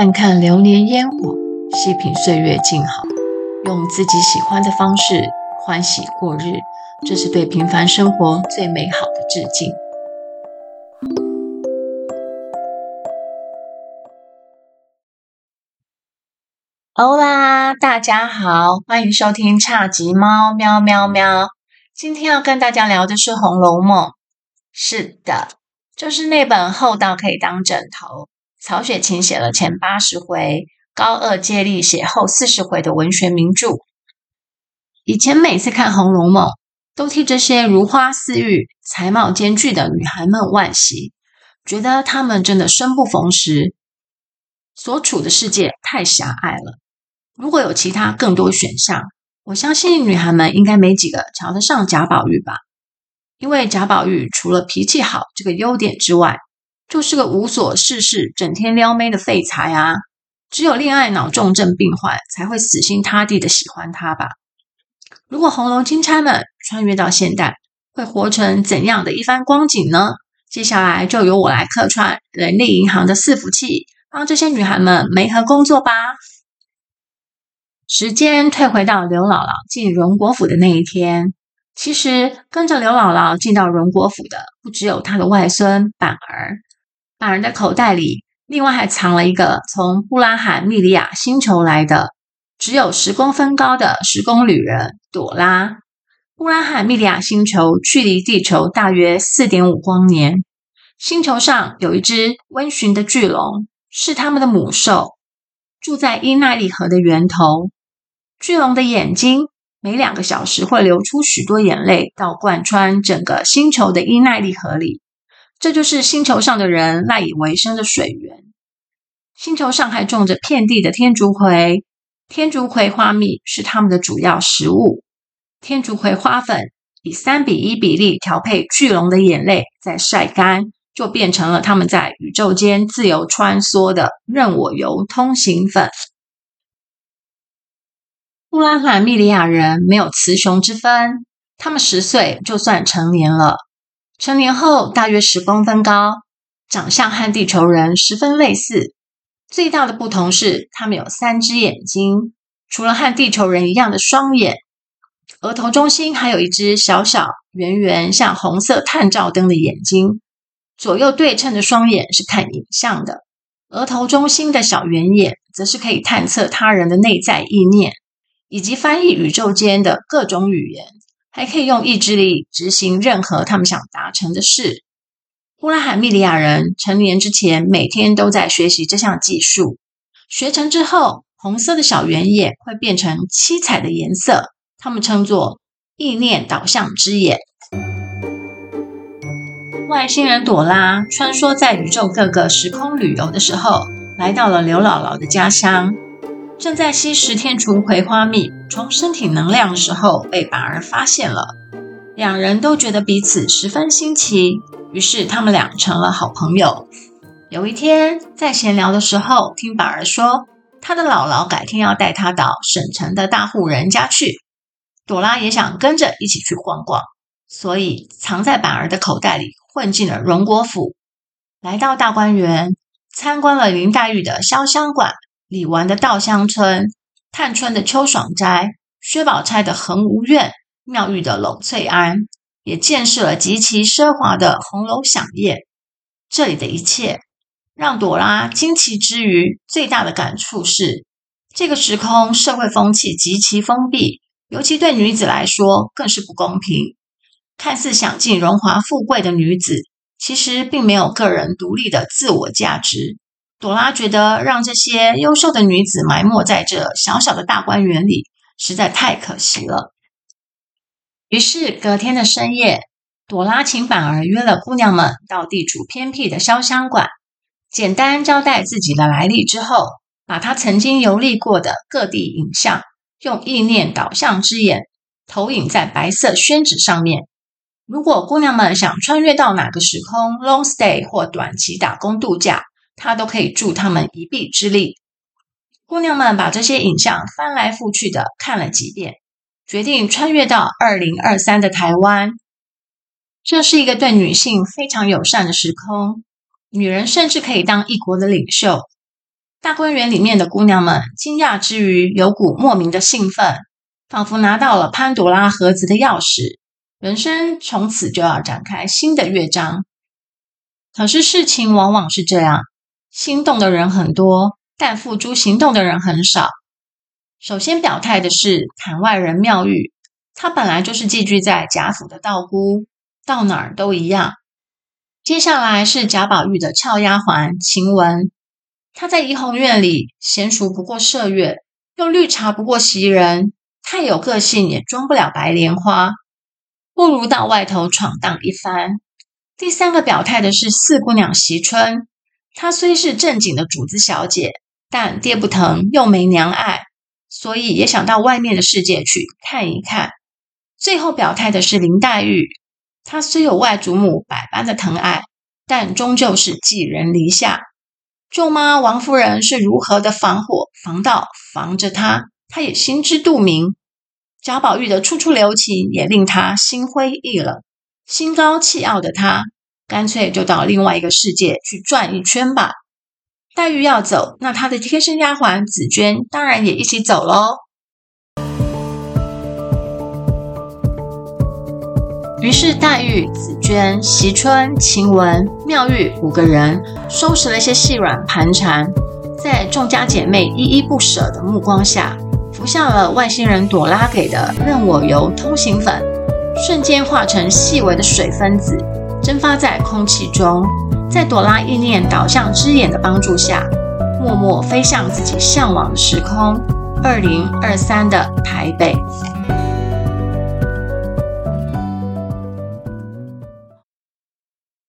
看看流年煙火，細品歲月靜好，用自己喜歡的方式歡喜過日，這是對平凡生活最美好的致敬。歐啦，大家好，歡迎收聽侘寂貓喵喵喵。今天要跟大家聊的是《紅樓夢》，是的，就是那本厚到可以當枕頭，曹雪芹寫了前八十回，高鶚接力寫後四十回的文學名著。以前每次看《紅樓夢》，都替這些如花似玉、才貌兼具的女孩們惋惜，覺得她們真的生不逢時，所處的世界太狹隘了。如果有其他更多選項，我相信女孩們應該沒幾個瞧得上賈寶玉吧，因為賈寶玉除了脾氣好這個優點之外。就是個無所事事、整天撩妹的廢材啊！只有戀愛腦重症病患才會死心塌地的喜歡她吧？如果紅樓金釵們穿越到現代，會活成怎樣的一番光景呢？接下來就由我來客串人力銀行的伺服器，幫這些女孩們媒合工作吧。時間退回到劉姥姥進榮國府的那一天，其實跟着劉姥姥進到榮國府的，不只有她的外孫板兒。把人的口袋裡，另外還藏了一個從布拉罕密漓亞星球來的只有十公分高的時空旅人朵拉。布拉罕密漓亞星球距離地球大約四點五光年，星球上有一隻溫馴的巨龍，是他們的母獸，住在伊奈利河的源頭。巨龍的眼睛每兩個小時會流出許多眼淚，到貫穿整個星球的伊奈利河裡。這就是星球上的人賴以為生的水源。星球上還種着遍地的天竺葵，天竺葵花蜜是他們的主要食物。天竺葵花粉以三比一比例調配，巨龍的眼淚再曬乾，就變成了他們在宇宙間自由穿梭的任我遊通行粉。布拉罕密漓亞人沒有雌雄之分，他們十歲就算成年了。成年後大約十公分高，長相和地球人十分類似。最大的不同是，他們有三隻眼睛，除了和地球人一樣的雙眼，額頭中心還有一隻小小圓圓、像紅色探照燈的眼睛。左右對稱的雙眼是看影像的，額頭中心的小圓眼則是可以探測他人的內在意念，以及翻譯宇宙間的各種語言。還可以用意志力執行任何他們想達成的事。烏拉罕密漓亞人成年之前，每天都在學習這項技術。學成之後，紅色的小圓眼會變成七彩的顏色，他們稱作“意念導向之眼”。外星人朵拉穿梭在宇宙各個時空旅遊的時候，來到了劉姥姥的家鄉。正在吸食天竺葵花蜜，充身體能量的時候，被板兒發現了。兩人都覺得彼此十分新奇，於是他們倆成了好朋友。有一天在閒聊的時候，聽板兒說，他的姥姥改天要帶他到省城的大戶人家去。朵拉也想跟着一起去逛逛，所以藏在板兒的口袋裡，混進了榮國府。來到大觀園，參觀了林黛玉的瀟湘館。李紈的稻香村，探春的秋爽齋，薛寶釵的蘅蕪苑，妙玉的櫳翠庵，也見識了極其奢華的紅樓饗宴。這裡的一切讓朵拉驚奇之餘，最大的感觸是，這個時空社會風氣極其封閉，尤其對女子來說更是不公平。看似享盡榮華富貴的女子，其實並沒有個人獨立的自我價值。朵拉覺得讓這些優秀的女子埋沒在這小小的大觀園裡實在太可惜了。於是隔天的深夜，朵拉請板兒約了姑娘們到地處偏僻的瀟湘館，簡單交代自己的來歷之後，把她曾經遊歷過的各地影像用意念導向之眼投影在白色宣紙上面。如果姑娘們想穿越到哪個時空 long stay 或短期打工度假，他都可以助他們一臂之力。姑娘們把這些影像翻來覆去的看了幾遍，決定穿越到二零二三的台灣。這是一個對女性非常友善的時空，女人甚至可以當一國的領袖。大觀園裡面的姑娘們驚訝之餘，有股莫名的興奮，仿佛拿到了潘朵拉盒子的鑰匙，人生從此就要展開新的樂章。可是事情往往是這樣。心動的人很多，但付諸行動的人很少。首先表態的是檻外人妙玉，她本來就是寄居在賈府的道姑，到哪兒都一樣。接下來是賈寶玉的俏丫鬟晴雯，她在怡紅院裡嫻熟不過麝月，又綠茶不過襲人，太有個性也裝不了白蓮花，不如到外頭闖蕩一番。第三個表態的是四姑娘惜春。她雖是正經的主子小姐，但爹不疼，又沒娘愛，所以也想到外面的世界去看一看。最後表態的是林黛玉，她雖有外祖母百般的疼愛，但終究是寄人籬下。舅媽王夫人是如何的防火防盜防着她，她也心知肚明。賈寶玉的處處留情也令她心灰意冷，心高氣傲的她。乾脆就到另外一個世界去轉一圈吧。黛玉要走，那她的貼身丫鬟紫鵑當然也一起走嘍。於是，黛玉、紫鵑、惜春、晴雯、妙玉五個人收拾了一些細軟盤纏，在眾家姐妹依依不捨的目光下，服下了外星人朵拉給的“任我遊”通行粉，瞬間化成細微的水分子。蒸發在空氣中，在朵拉意念導向之眼的幫助下，默默飛向自己向往的時空——二零二三的台北。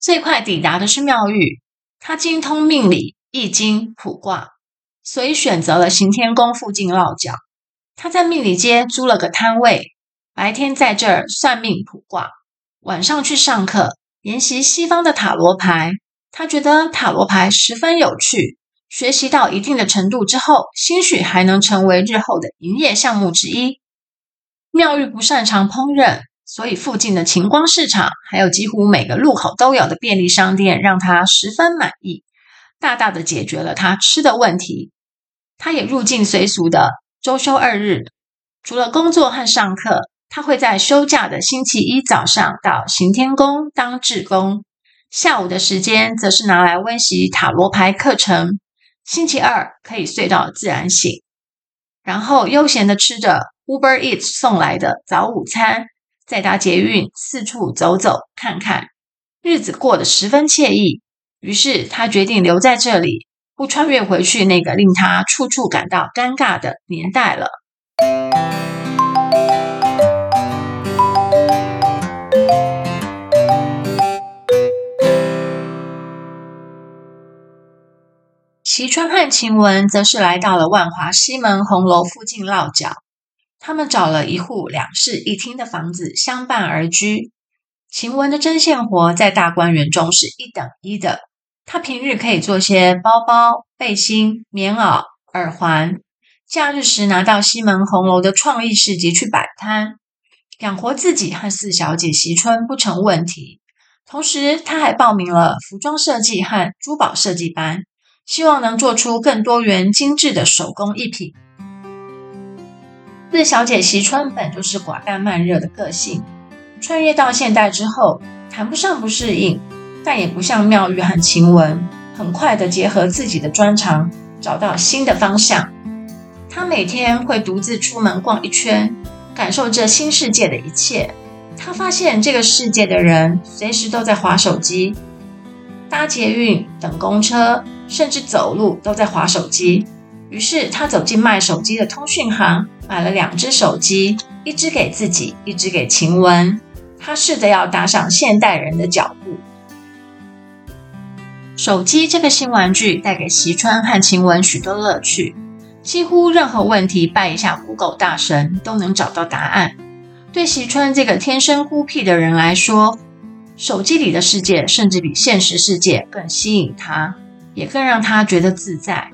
最快抵達的是妙玉，他精通命理、易經、卜卦，所以選擇了行天宮附近落腳。他在命理街租了個攤位，白天在這兒算命卜卦，晚上去上課。研習西方的塔羅牌，他覺得塔羅牌十分有趣。學習到一定的程度之後，興許還能成為日後的營業項目之一。妙玉不擅長烹飪，所以附近的晴光市場還有幾乎每個路口都有的便利商店，讓他十分滿意，大大的解決了他吃的問題。他也入境隨俗的週休二日，除了工作和上課。他會在休假的星期一早上到行天宮當志工，下午的時間則是拿來溫習塔羅牌課程。星期二可以睡到自然醒，然後悠閒地吃着 Uber Eats 送來的早午餐，再搭捷運四處走走看看，日子過得十分愜意。於是他決定留在這裡，不穿越回去那個令他處處感到尷尬的年代了。惜春和晴雯則是來到了萬華西門紅樓附近落腳，他們找了一戶兩室一廳的房子相伴而居。晴雯的針線活在大觀園中是一等一的，她平日可以做些包包、背心、棉襖、耳環，假日時拿到西門紅樓的創意市集去擺攤，養活自己和四小姐惜春不成問題。同時，她還報名了服裝設計和珠寶設計班。希望能做出更多元精緻的手工藝品。四小姐惜春本就是寡淡慢熱的個性，穿越到現代之後，談不上不適應，但也不像妙玉和晴雯，很快的結合自己的專長，找到新的方向。她每天會獨自出門逛一圈，感受這新世界的一切。她發現這個世界的人隨時都在滑手機、搭捷運、等公車。甚至走路都在滑手機，於是他走進賣手機的通訊行，買了兩只手機，一隻給自己，一隻給晴雯。他試着要搭上現代人的腳步。手機這個新玩具帶給惜春和晴雯許多樂趣，幾乎任何問題拜一下 Google 大神都能找到答案。對惜春這個天生孤僻的人來說，手機裡的世界甚至比現實世界更吸引他。也更讓他覺得自在。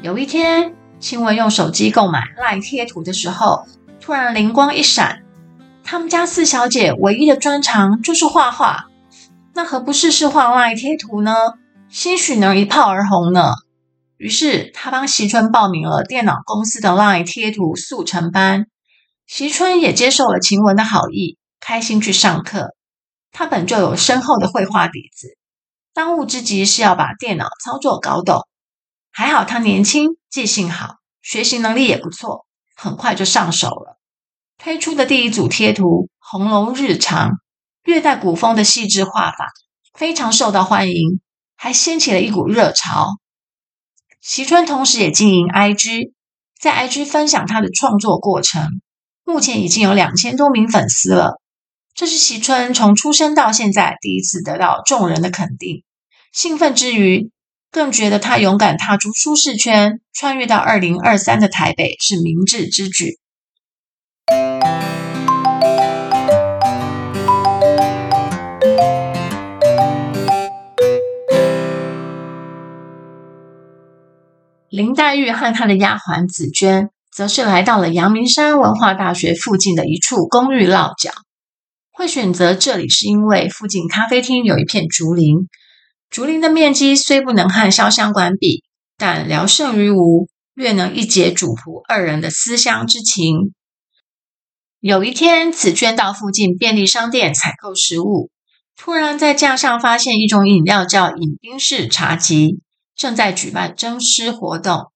有一天，晴雯用手機購買 LINE 貼圖的時候，突然靈光一閃：他們家四小姐唯一的專長就是畫畫，那何不試試畫 LINE 貼圖呢？興許能一炮而紅呢。於是，他幫惜春報名了電腦公司的 LINE 貼圖速成班。惜春也接受了晴雯的好意，開心去上課。他本就有深厚的繪畫底子。當務之急是要把電腦操作搞懂。還好他年輕，記性好，學習能力也不錯，很快就上手了。推出的第一組貼圖《紅樓日常》，略帶古風的細緻畫法非常受到歡迎，還掀起了一股熱潮。惜春同時也經營 IG，在 IG 分享他的創作過程，目前已經有兩千多名粉絲了。這是惜春從出生到現在第一次得到眾人的肯定。興奮之餘，更覺得他勇敢踏出舒適圈，穿越到二零二三的台北是明智之舉。林黛玉和她的丫鬟紫鵑，則是來到了陽明山文化大學附近的一處公寓落腳。會選擇這裡，是因為附近咖啡廳有一片竹林。竹林的面積雖不能和瀟湘館比，但聊勝於無，越能一解主僕二人的思鄉之情。有一天，紫鵑到附近便利商店採購食物，突然在架上發現一種飲料，叫“飲冰室茶集”，正在舉辦徵詩活動，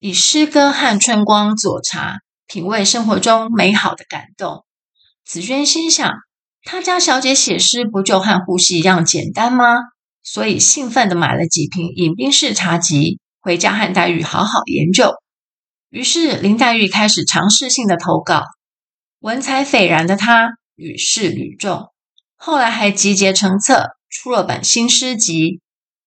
以詩歌和春光佐茶，品味生活中美好的感動。紫鵑心想，他家小姐寫詩不就和呼吸一樣簡單嗎？所以興奮地買了幾瓶飲冰室茶集，回家和黛玉好好研究。於是林黛玉開始嘗試性的投稿，文采斐然的她屢試屢中，後來還集結成冊，出了本新詩集。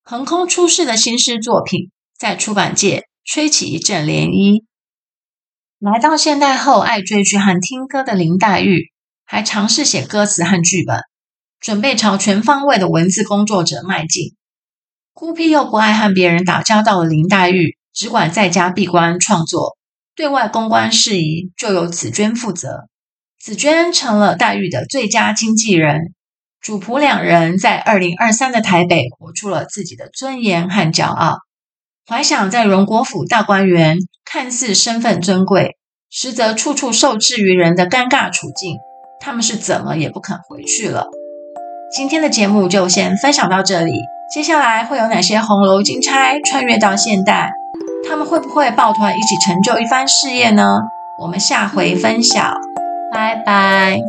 橫空出世的新詩作品在出版界吹起一陣漣漪。來到現代後，愛追劇和聽歌的林黛玉還嘗試寫歌詞和劇本，準備朝全方位的文字工作者邁進。孤僻又不愛和別人打交道的林黛玉，只管在家閉關創作，對外公關事宜就由紫娟負責。紫娟成了黛玉的最佳經紀人。主僕兩人在二零二三的台北，活出了自己的尊嚴和驕傲。懷想在榮國府大觀園，看似身份尊貴，實則處處受制於人的尷尬的處境，他們是怎麼也不肯回去了。今天的節目就先分享到這裡，接下來會有哪些紅樓金釵穿越到現代？他們會不會抱團一起成就一番事業呢？我們下回分享，拜拜。